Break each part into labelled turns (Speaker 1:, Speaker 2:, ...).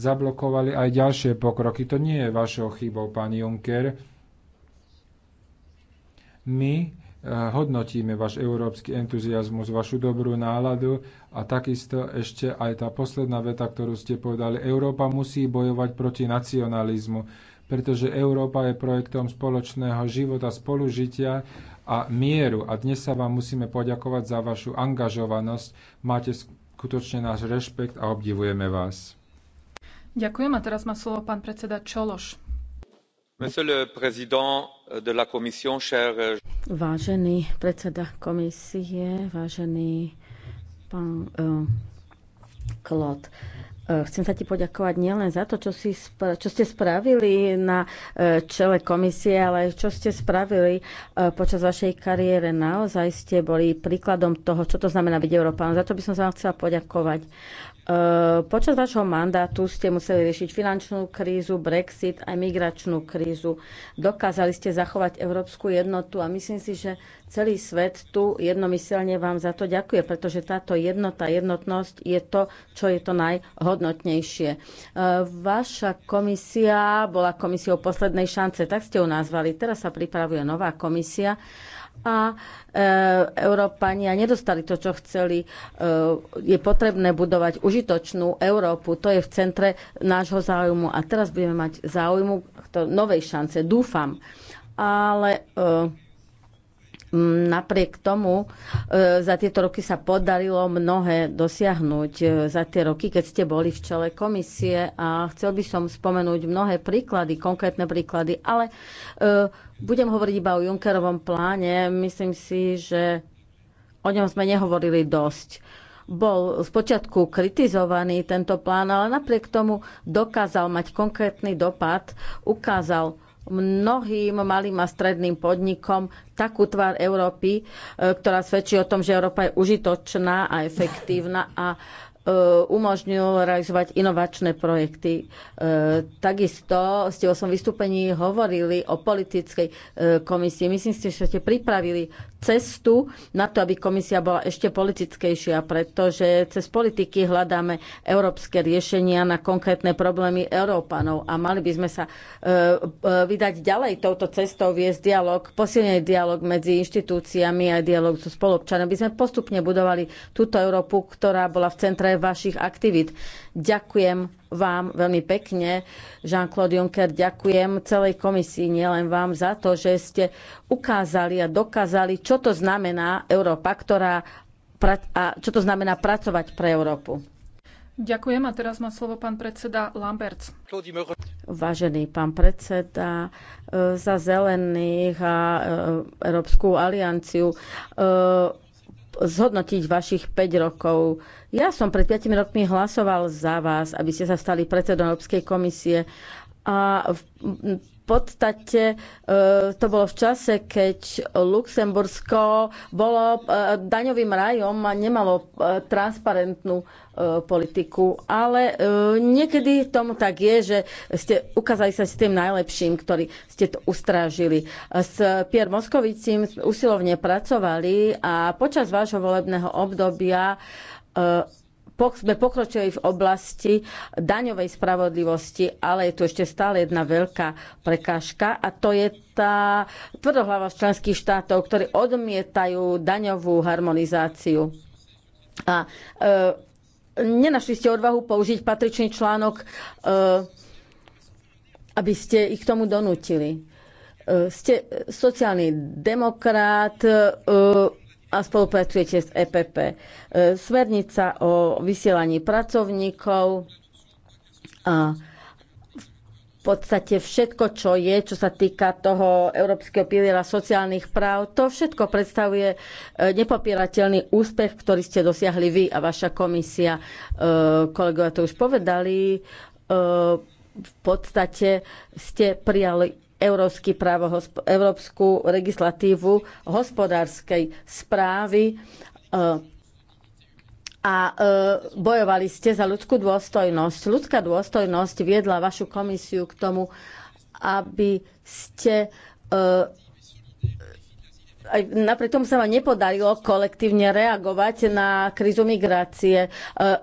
Speaker 1: zablokovali aj ďalšie pokroky. To nie je vašou chybou, pán Juncker. My eh, hodnotíme váš európsky entuziasmus, vašu dobrú náladu a takisto ešte aj tá posledná veta, ktorú ste povedali. Európa musí bojovať proti nacionalizmu, pretože Európa je projektom spoločného života, spolužitia a mieru. A dnes sa vám musíme poďakovať za vašu angažovanosť. Máte skutočne náš rešpekt a obdivujeme vás.
Speaker 2: Ďakujem a teraz má slovo pán predseda Čološ. Vážený predseda komisie, vážený pán e, Klot, e, Chcem sa ti poďakovať nielen za to, čo, si, čo ste spravili na e, čele komisie, ale čo ste spravili počas vašej kariére. Naozaj ste boli príkladom toho, čo to znamená byť Európanom. Za to by som sa vám chcela poďakovať. Eh, počas vašho mandátu ste museli riešiť finančnú krízu, Brexit a migračnú krízu. Dokázali ste zachovať európsku jednotu a myslím si, že celý svet tu jednomyselne vám za to ďakuje, pretože táto jednota, jednotnosť je to, čo je to najhodnotnejšie. Eh, vaša komisia bola komisiou poslednej šance, tak ste ju nazvali. Teraz sa pripravuje nová komisia a e, Európania nedostali to, čo chceli. E, je potrebné budovať užitočnú Európu, to je v centre nášho záujmu a teraz budeme mať záujmu novej šance, dúfam. Ale e, Napriek tomu e, za tieto roky sa podarilo mnohé dosiahnuť. E, za tie roky, keď ste boli v čele komisie a chcel by som spomenúť mnohé príklady, konkrétne príklady, ale e, budem hovoriť iba o Junckerovom pláne. Myslím si, že o ňom sme nehovorili dosť. Bol spočiatku kritizovaný tento plán, ale napriek tomu dokázal mať konkrétny dopad, ukázal mnohým malým a stredným podnikom takú tvár Európy, e, ktorá svedčí o tom, že Európa je užitočná a efektívna a Eh, umožnil realizovať inovačné projekty. Eh, takisto ste o svojom vystúpení hovorili o politickej eh, komisii. Myslím si, že ste pripravili cestu na to, aby komisia bola ešte politickejšia, pretože cez politiky hľadáme európske riešenia na konkrétne problémy Európanov a mali by sme sa vydať ďalej touto cestou, viesť dialog, posilnený dialog medzi inštitúciami a dialog so spolupčanom, aby sme postupne budovali túto Európu, ktorá bola v centre vašich aktivít. Ďakujem vám veľmi pekne, Jean-Claude Juncker, ďakujem celej komisii, nielen vám za to, že ste ukázali a dokázali, čo to znamená Európa, ktorá a čo to znamená pracovať pre Európu.
Speaker 3: Ďakujem a teraz má slovo pán predseda Lamberts.
Speaker 2: Vážený pán predseda, e, za zelených a e, Európsku alianciu e, zhodnotiť vašich 5 rokov. Ja som pred 5 rokmi hlasoval za vás, aby ste sa stali predsedom Európskej komisie a podstate to bolo v čase, keď Luxembursko bolo e, daňovým rajom a nemalo e, transparentnú e, politiku. Ale niekedy tomu tak je, že ste ukázali sa s tým najlepším, ktorý ste to ustrážili. S Pierre Moskovicím usilovne pracovali a počas vášho volebného obdobia sme pokročili v oblasti daňovej spravodlivosti, ale je tu ešte stále jedna veľká prekážka a to je tá tvrdohlava z členských štátov, ktorí odmietajú daňovú harmonizáciu. A e, nenašli ste odvahu použiť patričný článok, e, aby ste ich k tomu donútili. E, ste sociálny demokrat, e, a spolupracujete s EPP. E, smernica o vysielaní pracovníkov a v podstate všetko, čo je, čo sa týka toho Európskeho piliera sociálnych práv, to všetko predstavuje e, nepopierateľný úspech, ktorý ste dosiahli vy a vaša komisia. E, kolegovia to už povedali. V podstate ste prijali európsky právo, európsku legislatívu hospodárskej správy eh, a eh, bojovali ste za ľudskú dôstojnosť. Ľudská dôstojnosť viedla vašu komisiu k tomu, aby ste eh, aj napriek tomu sa vám nepodarilo kolektívne reagovať na krízu migrácie. E, e,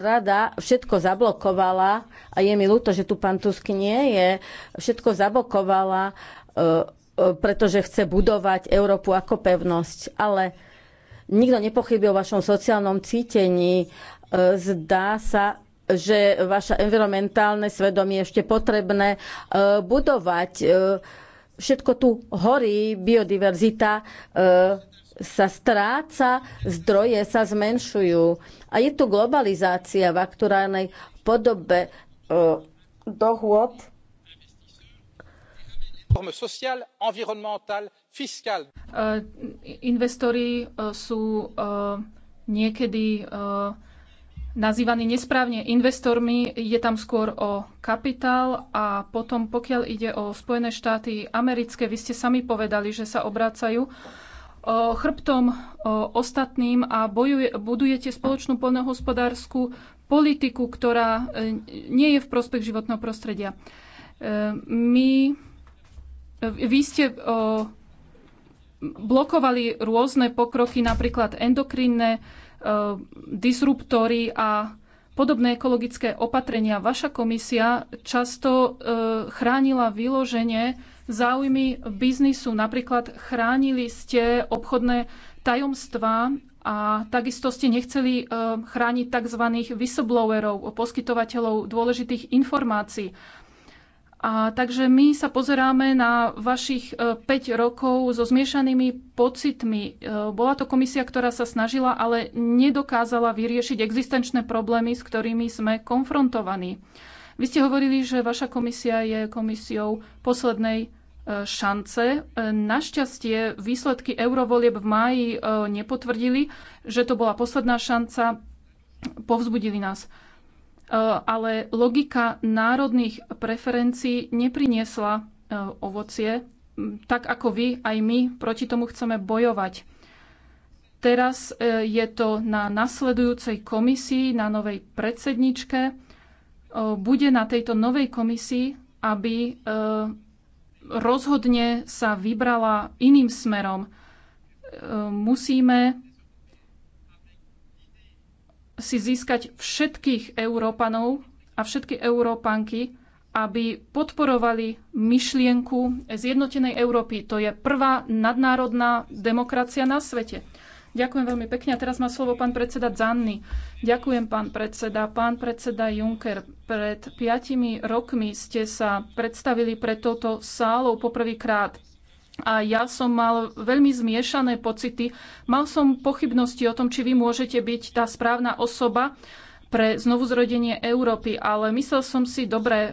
Speaker 2: rada všetko zablokovala a je mi ľúto, že tu pán Tusk nie je. Všetko zablokovala, e, pretože chce budovať Európu ako pevnosť. Ale nikto nepochybuje o vašom sociálnom cítení. Zdá sa, že vaše environmentálne svedomie ešte potrebné budovať všetko tu horí, biodiverzita e, sa stráca, zdroje sa zmenšujú. A je tu globalizácia v aktuálnej podobe e, dohôd e,
Speaker 3: Investori e, sú e, niekedy nazývaní nesprávne investormi. Je tam skôr o kapitál a potom, pokiaľ ide o Spojené štáty americké, vy ste sami povedali, že sa obrácajú chrbtom ostatným a bojuje, budujete spoločnú poľnohospodárskú politiku, ktorá e, nie je v prospech životného prostredia. E, my, e, vy ste blokovali rôzne pokroky, napríklad endokrinné E, disruptory a podobné ekologické opatrenia. Vaša komisia často e, chránila vyloženie záujmy biznisu. Napríklad chránili ste obchodné tajomstvá a takisto ste nechceli e, chrániť tzv. whistleblowerov, poskytovateľov dôležitých informácií. A takže my sa pozeráme na vašich 5 e, rokov so zmiešanými pocitmi. E, bola to komisia, ktorá sa snažila, ale nedokázala vyriešiť existenčné problémy, s ktorými sme konfrontovaní. Vy ste hovorili, že vaša komisia je komisiou poslednej e, šance. Našťastie výsledky eurovolieb v máji nepotvrdili, že to bola posledná šanca, povzbudili nás. E, ale logika národných preferencií nepriniesla e, ovocie. Tak ako vy, aj my proti tomu chceme bojovať. Teraz e, je to na nasledujúcej komisii, na novej predsedničke. Bude na tejto novej komisii, aby rozhodne sa vybrala iným smerom. Musíme si získať všetkých Európanov a všetky Európanky, aby podporovali myšlienku zjednotenej Európy. To je prvá nadnárodná demokracia na svete. Ďakujem veľmi pekne. A teraz má slovo pán predseda Zanny. Ďakujem, pán predseda. Pán predseda Juncker, pred piatimi rokmi ste sa predstavili pred toto sálou poprvýkrát a ja som mal veľmi zmiešané pocity. Mal som pochybnosti o tom, či vy môžete byť tá správna osoba pre znovuzrodenie Európy, ale myslel som si, dobre, e,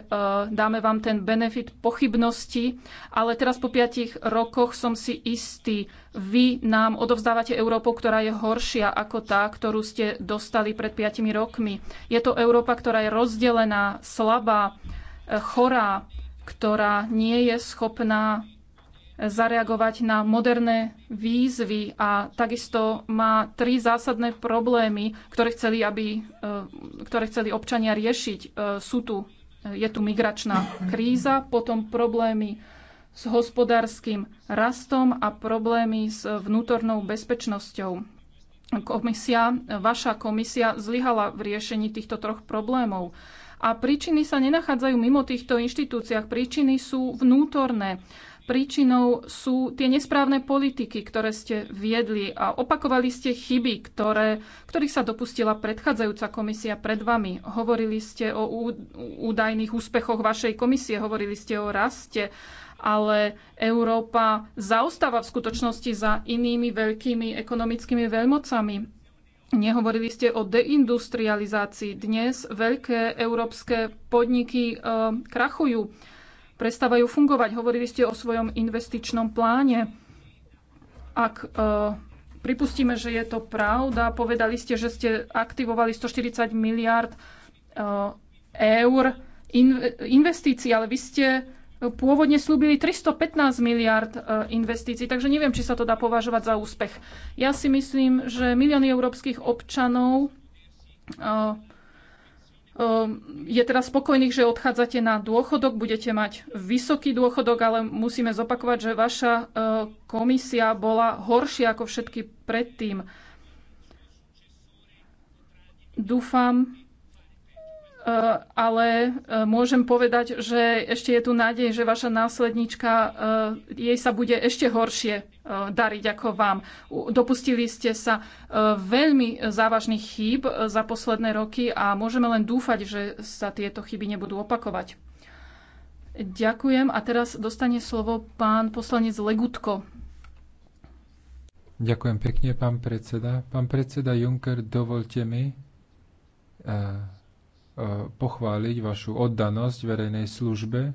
Speaker 3: dáme vám ten benefit pochybnosti, ale teraz po piatich rokoch som si istý, vy nám odovzdávate Európu, ktorá je horšia ako tá, ktorú ste dostali pred piatimi rokmi. Je to Európa, ktorá je rozdelená, slabá, e, chorá, ktorá nie je schopná zareagovať na moderné výzvy a takisto má tri zásadné problémy, ktoré chceli, aby, e, ktoré chceli občania riešiť. E, sú tu, e, je tu migračná kríza, potom problémy s hospodárskym rastom a problémy s vnútornou bezpečnosťou. Komisia, vaša komisia zlyhala v riešení týchto troch problémov. A príčiny sa nenachádzajú mimo týchto inštitúciách. Príčiny sú vnútorné. Príčinou sú tie nesprávne politiky, ktoré ste viedli a opakovali ste chyby, ktoré, ktorých sa dopustila predchádzajúca komisia pred vami. Hovorili ste o údajných úspechoch vašej komisie, hovorili ste o raste, ale Európa zaostáva v skutočnosti za inými veľkými ekonomickými veľmocami. Nehovorili ste o deindustrializácii. Dnes veľké európske podniky e, krachujú prestávajú fungovať. Hovorili ste o svojom investičnom pláne. Ak e, pripustíme, že je to pravda, povedali ste, že ste aktivovali 140 miliard e, eur investícií, ale vy ste pôvodne slúbili 315 miliard e, investícií, takže neviem, či sa to dá považovať za úspech. Ja si myslím, že milióny európskych občanov Ehm, je teraz spokojných, že odchádzate na dôchodok, budete mať vysoký dôchodok, ale musíme zopakovať, že vaša ehm, komisia bola horšia ako všetky predtým. Dúfam, Eh, ale eh, môžem povedať, že ešte je tu nádej, že vaša následnička, eh, jej sa bude ešte horšie dariť ako vám. Dopustili ste sa veľmi závažných chýb za posledné roky a môžeme len dúfať, že sa tieto chyby nebudú opakovať. Ďakujem a teraz dostane slovo pán poslanec Legutko.
Speaker 1: Ďakujem pekne, pán predseda. Pán predseda Juncker, dovolte mi Eh, pochváliť vašu oddanosť verejnej službe.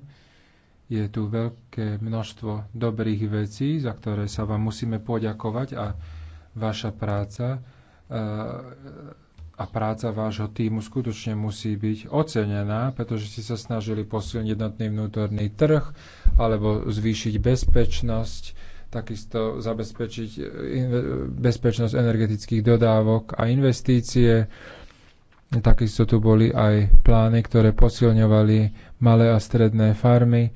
Speaker 1: Je tu veľké množstvo dobrých vecí, za ktoré sa vám musíme poďakovať a vaša práca eh, a práca vášho týmu skutočne musí byť ocenená, pretože ste sa snažili posilniť jednotný vnútorný trh alebo zvýšiť bezpečnosť, takisto zabezpečiť eh, bezpečnosť energetických dodávok a investície Takisto tu boli aj plány, ktoré posilňovali malé a stredné farmy e,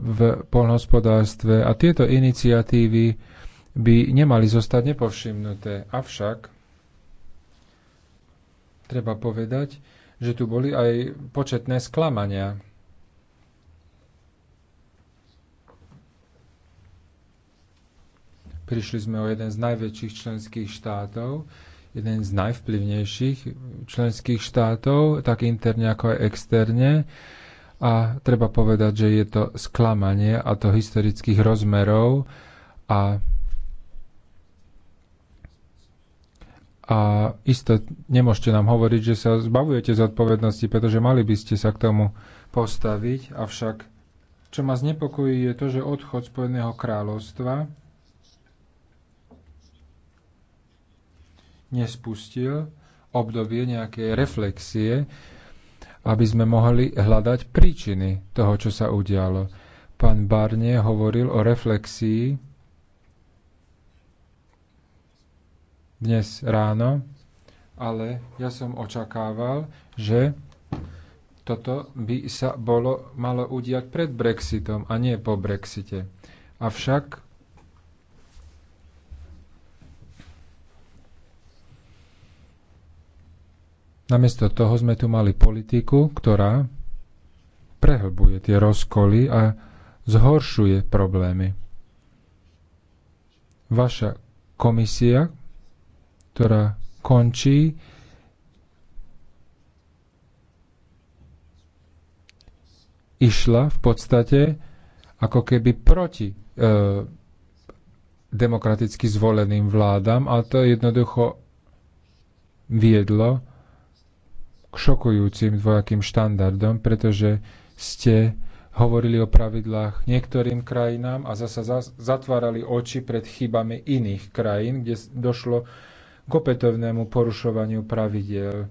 Speaker 1: v polnohospodárstve a tieto iniciatívy by nemali zostať nepovšimnuté. Avšak treba povedať, že tu boli aj početné sklamania. Prišli sme o jeden z najväčších členských štátov, jeden z najvplyvnejších členských štátov, tak interne ako aj externe. A treba povedať, že je to sklamanie a to historických rozmerov a A isto nemôžete nám hovoriť, že sa zbavujete zodpovednosti, pretože mali by ste sa k tomu postaviť. Avšak, čo ma znepokojí, je to, že odchod Spojeného kráľovstva nespustil obdobie nejakej reflexie, aby sme mohli hľadať príčiny toho, čo sa udialo. Pán Barne hovoril o reflexii dnes ráno, ale ja som očakával, že toto by sa bolo, malo udiať pred Brexitom a nie po Brexite. Avšak Namiesto toho sme tu mali politiku, ktorá prehlbuje tie rozkoly a zhoršuje problémy. Vaša komisia, ktorá končí, išla v podstate ako keby proti e, demokraticky zvoleným vládam a to jednoducho viedlo k šokujúcim dvojakým štandardom, pretože ste hovorili o pravidlách niektorým krajinám a zasa zatvárali oči pred chybami iných krajín, kde došlo k opätovnému porušovaniu pravidiel.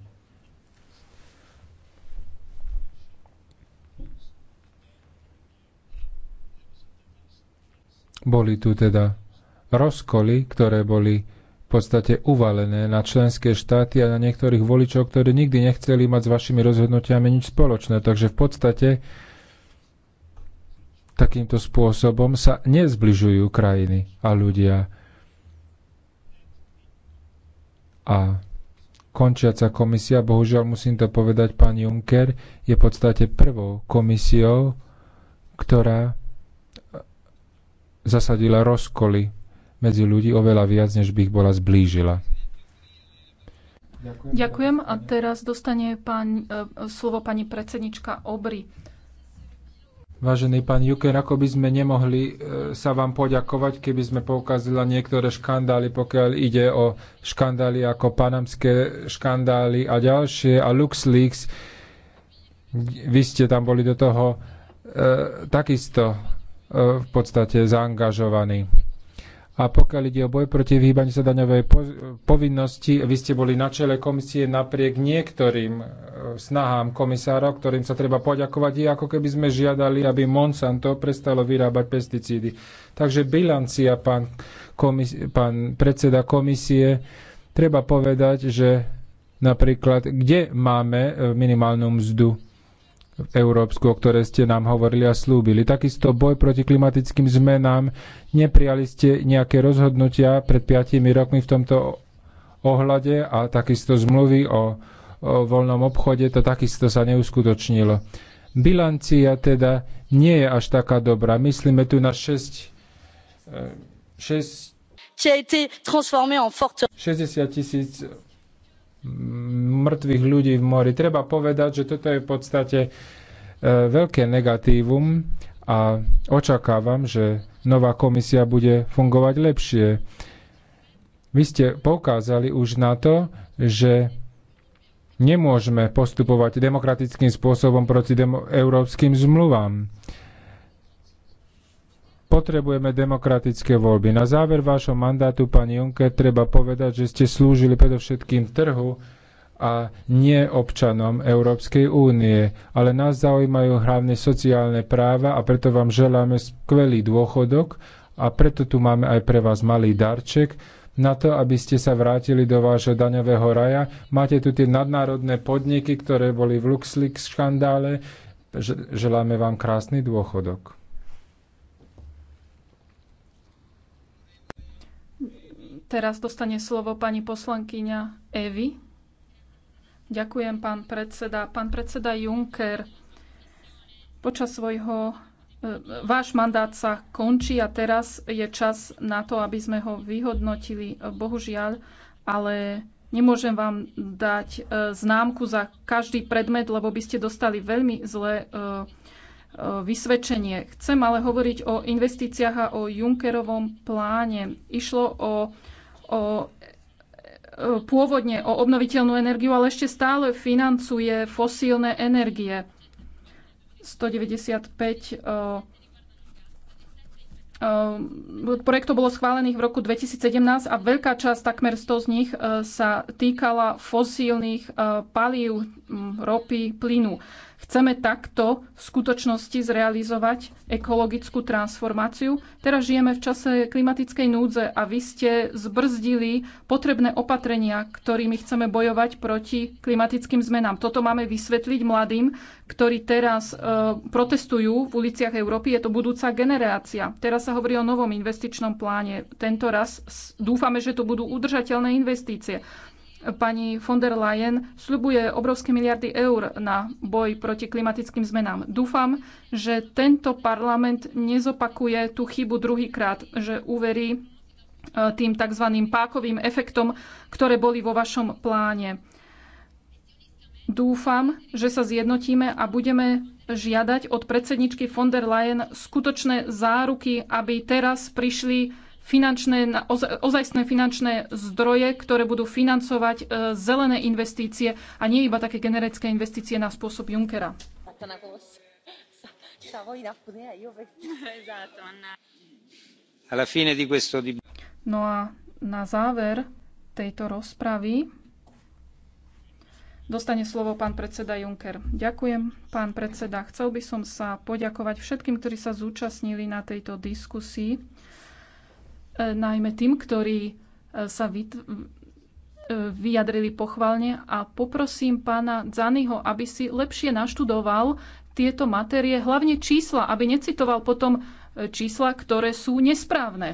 Speaker 1: Boli tu teda rozkoly, ktoré boli podstate uvalené na členské štáty a na niektorých voličov, ktorí nikdy nechceli mať s vašimi rozhodnutiami nič spoločné. Takže v podstate takýmto spôsobom sa nezbližujú krajiny a ľudia. A končiaca komisia, bohužiaľ musím to povedať, pán Juncker je v podstate prvou komisiou, ktorá zasadila rozkoly medzi ľudí oveľa viac, než by ich bola zblížila.
Speaker 3: Ďakujem. A teraz dostane pán, e, slovo pani predsednička Obry.
Speaker 1: Vážený pán Juker, ako by sme nemohli e, sa vám poďakovať, keby sme poukazila niektoré škandály, pokiaľ ide o škandály ako panamské škandály a ďalšie a LuxLeaks. Vy ste tam boli do toho e, takisto e, v podstate zaangažovaní. A pokiaľ ide o boj proti vyhýbaniu sa daňovej povinnosti, vy ste boli na čele komisie napriek niektorým e, snahám komisárov, ktorým sa treba poďakovať, je ako keby sme žiadali, aby Monsanto prestalo vyrábať pesticídy. Takže bilancia, pán, komis- pán predseda komisie, treba povedať, že napríklad, kde máme e, minimálnu mzdu? európsku, o ktoré ste nám hovorili a slúbili. Takisto boj proti klimatickým zmenám. Neprijali ste nejaké rozhodnutia pred piatimi rokmi v tomto ohľade a takisto zmluvy o, o voľnom obchode, to takisto sa neuskutočnilo. Bilancia teda nie je až taká dobrá. Myslíme tu na 6, 6 60 tisíc mŕtvych ľudí v mori. Treba povedať, že toto je v podstate e, veľké negatívum a očakávam, že nová komisia bude fungovať lepšie. Vy ste poukázali už na to, že nemôžeme postupovať demokratickým spôsobom proti demo- európskym zmluvám. Potrebujeme demokratické voľby. Na záver vášho mandátu, pani Juncker, treba povedať, že ste slúžili predovšetkým trhu, a nie občanom Európskej únie. Ale nás zaujímajú hlavne sociálne práva a preto vám želáme skvelý dôchodok a preto tu máme aj pre vás malý darček, na to, aby ste sa vrátili do vášho daňového raja. Máte tu tie nadnárodné podniky, ktoré boli v LuxLeaks škandále. Želáme vám krásny dôchodok.
Speaker 3: Teraz dostane slovo pani poslankyňa Evi. Ďakujem, pán predseda. Pán predseda Juncker, počas svojho e, Váš mandát sa končí a teraz je čas na to, aby sme ho vyhodnotili. E, Bohužiaľ, ale nemôžem vám dať e, známku za každý predmet, lebo by ste dostali veľmi zlé vysvedčenie. Chcem ale hovoriť o investíciách a o Junckerovom pláne. Išlo o, o pôvodne o obnoviteľnú energiu, ale ešte stále financuje fosílne energie. 195 eh, eh, projektov bolo schválených v roku 2017 a veľká časť, takmer 100 z nich, eh, sa týkala fosílnych palív, hm, ropy, plynu. Chceme takto v skutočnosti zrealizovať ekologickú transformáciu. Teraz žijeme v čase klimatickej núdze a vy ste zbrzdili potrebné opatrenia, ktorými chceme bojovať proti klimatickým zmenám. Toto máme vysvetliť mladým, ktorí teraz e, protestujú v uliciach Európy. Je to budúca generácia. Teraz sa hovorí o novom investičnom pláne. Tento raz dúfame, že to budú udržateľné investície. Pani von der Leyen sľubuje obrovské miliardy eur na boj proti klimatickým zmenám. Dúfam, že tento parlament nezopakuje tú chybu druhýkrát, že uverí e, tým tzv. pákovým efektom, ktoré boli vo vašom pláne. Dúfam, že sa zjednotíme a budeme žiadať od predsedničky von der Leyen skutočné záruky, aby teraz prišli finančné, ozajstné finančné zdroje, ktoré budú financovať e, zelené investície a nie iba také generické investície na spôsob Junckera. No a na záver tejto rozpravy dostane slovo pán predseda Juncker. Ďakujem, pán predseda. Chcel by som sa poďakovať všetkým, ktorí sa zúčastnili na tejto diskusii. E, najmä tým, ktorí e, sa e, vyjadrili pochválne a poprosím pána Zanyho, aby si lepšie naštudoval tieto materie, hlavne čísla, aby necitoval potom čísla, ktoré sú nesprávne.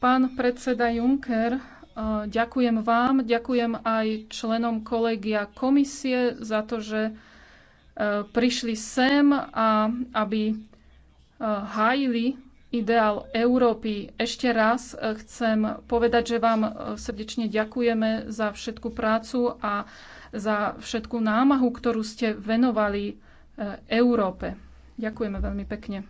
Speaker 3: Pán predseda Juncker, ďakujem vám, ďakujem aj členom kolegia komisie za to, že prišli sem a aby hájili ideál Európy. Ešte raz e, chcem povedať, že vám e, srdečne ďakujeme za všetku prácu a za všetku námahu, ktorú ste venovali e, Európe. Ďakujeme veľmi pekne.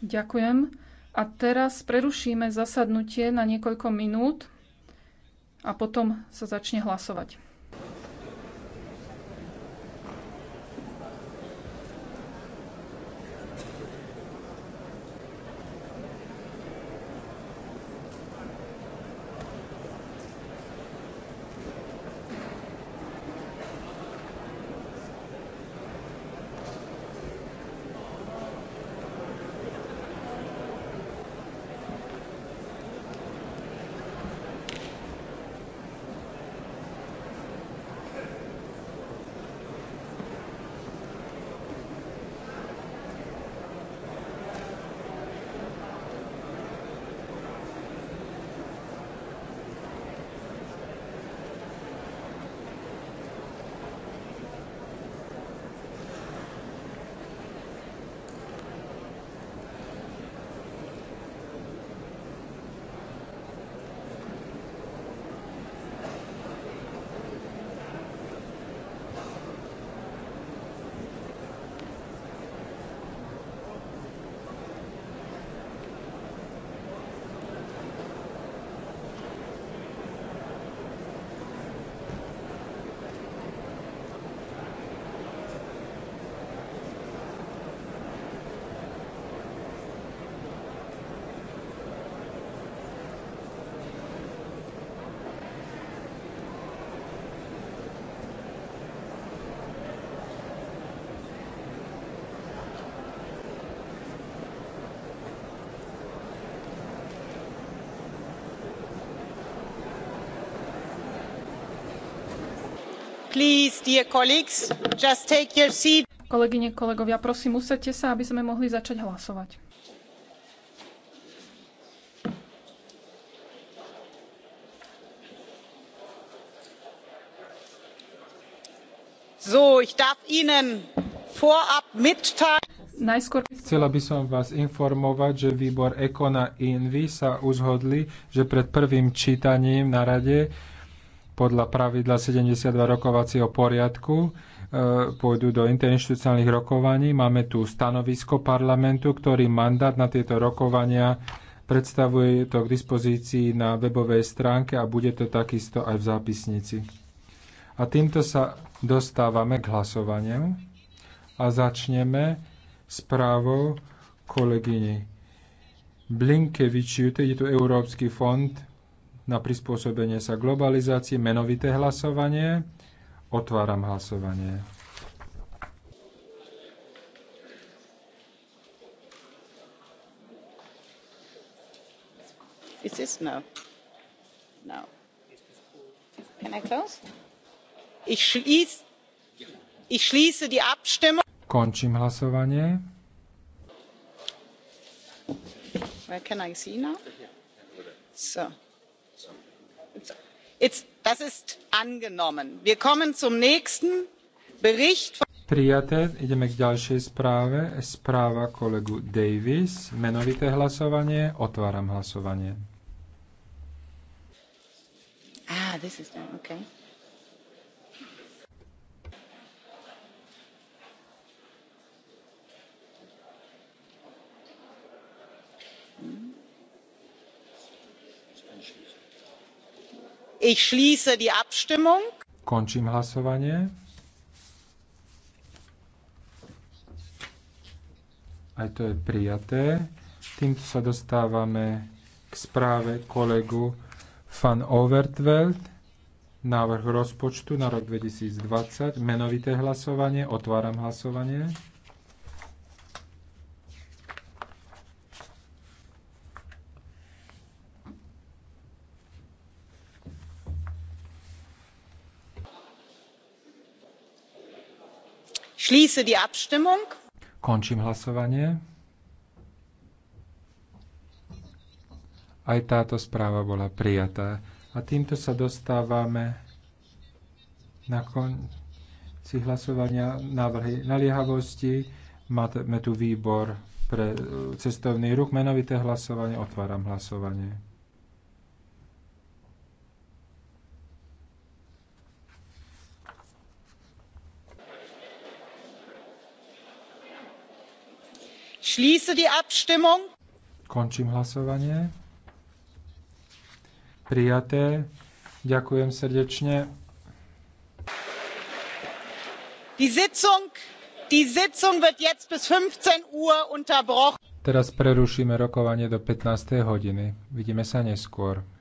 Speaker 3: Ďakujem. A teraz prerušíme zasadnutie na niekoľko minút a potom sa začne hlasovať. Kolegyne, kolegovia, prosím, usadte sa, aby sme mohli začať hlasovať.
Speaker 4: So, ich darf Ihnen vorab Najskôr...
Speaker 1: Chcela by som vás informovať, že výbor Ekona Invi sa uzhodli, že pred prvým čítaním na rade podľa pravidla 72 rokovacieho poriadku e, pôjdu do interinstitucionálnych rokovaní. Máme tu stanovisko parlamentu, ktorý mandát na tieto rokovania predstavuje to k dispozícii na webovej stránke a bude to takisto aj v zápisnici. A týmto sa dostávame k hlasovaniu a začneme správou kolegyni Blinkevičiu, to je tu Európsky fond na prispôsobenie sa globalizácii, menovité hlasovanie. Otváram hlasovanie.
Speaker 4: Is this no? No. Can I close? Ich schließe, ich schließe die Abstimmung.
Speaker 1: Končím hlasovanie.
Speaker 4: Where can I see now? So.
Speaker 1: Prijaté. Ideme k ďalšej správe. Správa kolegu Davis. Menovité hlasovanie. Otváram hlasovanie.
Speaker 4: Ah, this is done. Okay. Ich schließe die Abstimmung.
Speaker 1: Končím hlasovanie. Aj to je prijaté. Týmto sa dostávame k správe kolegu van Overtveld. Návrh rozpočtu na rok 2020. Menovité hlasovanie. Otváram hlasovanie.
Speaker 4: Schließe die Abstimmung.
Speaker 1: Končím hlasovanie. Aj táto správa bola prijatá. A týmto sa dostávame na konci hlasovania návrhy naliehavosti. Máme tu výbor pre e, cestovný ruch, menovité hlasovanie, otváram hlasovanie.
Speaker 4: schließe die Abstimmung.
Speaker 1: Končím hlasovanie. Prijaté. Ďakujem srdečne.
Speaker 4: Die Sitzung, die Sitzung wird jetzt bis 15 Uhr unterbrochen.
Speaker 1: Teraz prerušíme rokovanie do 15. hodiny. Vidíme sa neskôr.